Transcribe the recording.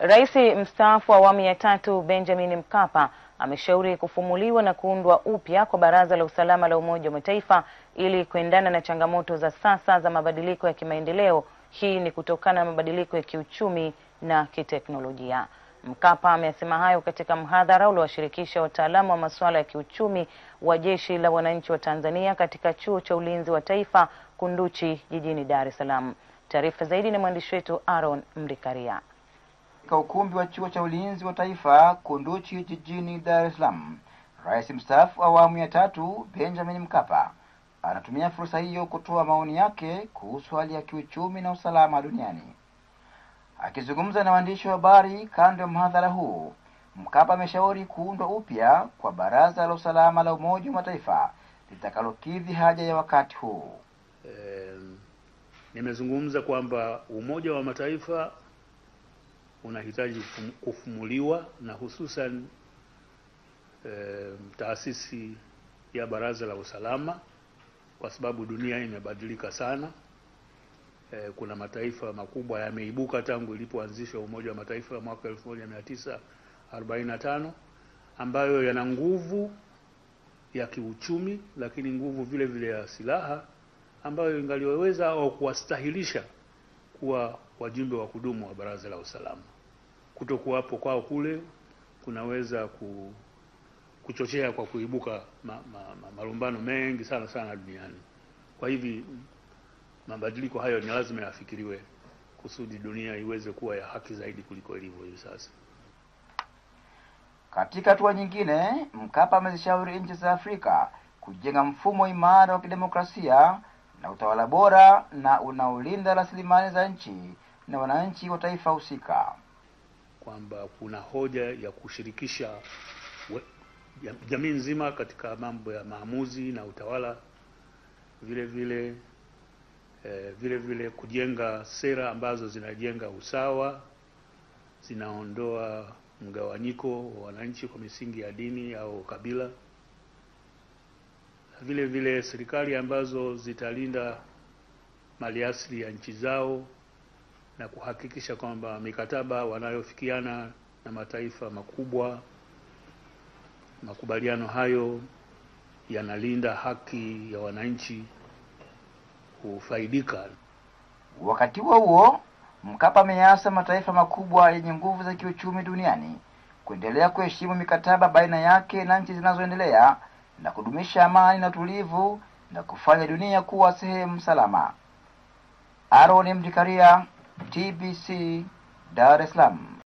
Rais mstaafu wa awamu ya tatu Benjamin Mkapa ameshauri kufumuliwa na kuundwa upya kwa Baraza la Usalama la Umoja wa Mataifa ili kuendana na changamoto za sasa za mabadiliko ya kimaendeleo. Hii ni kutokana na mabadiliko ya kiuchumi na kiteknolojia. Mkapa amesema hayo katika mhadhara uliowashirikisha wataalamu wa masuala ya kiuchumi wa Jeshi la Wananchi wa Tanzania katika Chuo cha Ulinzi wa Taifa Kunduchi jijini Dar es Salaam. Taarifa zaidi na mwandishi wetu Aaron Mrikaria katika ukumbi wa chuo cha ulinzi wa taifa Kunduchi jijini Dar es Salaam, rais mstaafu awamu ya tatu Benjamin Mkapa anatumia fursa hiyo kutoa maoni yake kuhusu hali ya kiuchumi na usalama duniani. Akizungumza na waandishi wa habari kando ya mhadhara huu, Mkapa ameshauri kuundwa upya kwa Baraza la Usalama la Umoja wa Mataifa litakalokidhi haja ya wakati huu. Um, nimezungumza kwamba Umoja wa Mataifa unahitaji kufumuliwa na hususan e, taasisi ya Baraza la Usalama kwa sababu dunia imebadilika sana. E, kuna mataifa makubwa yameibuka tangu ilipoanzishwa Umoja wa Mataifa ya mwaka 1945 ambayo yana nguvu ya kiuchumi, lakini nguvu vile vile ya silaha ambayo ingaliweza au kuwastahilisha kuwa wajumbe wa kudumu wa Baraza la Usalama. Kutokuwapo kwao kule kunaweza ku, kuchochea kwa kuibuka ma, ma, ma, malumbano mengi sana sana duniani. Kwa hivi mabadiliko hayo ni lazima yafikiriwe kusudi dunia iweze kuwa ya haki zaidi kuliko ilivyo hivi sasa. Katika hatua nyingine, Mkapa amezishauri nchi za Afrika kujenga mfumo imara wa kidemokrasia na utawala bora na unaolinda rasilimali za nchi na wananchi wa taifa husika, kwamba kuna hoja ya kushirikisha jamii nzima katika mambo ya maamuzi na utawala, vile vile eh, vile vile kujenga sera ambazo zinajenga usawa, zinaondoa mgawanyiko wa wananchi kwa misingi ya dini au kabila vile vile serikali ambazo zitalinda maliasili ya nchi zao na kuhakikisha kwamba mikataba wanayofikiana na mataifa makubwa, makubaliano hayo yanalinda haki ya wananchi kufaidika. Wakati huo huo, Mkapa ameyaasa mataifa makubwa yenye nguvu za kiuchumi duniani kuendelea kuheshimu mikataba baina yake na nchi zinazoendelea na kudumisha amani na utulivu na kufanya dunia kuwa sehemu salama. Aaron Mdikaria TBC Darussalam.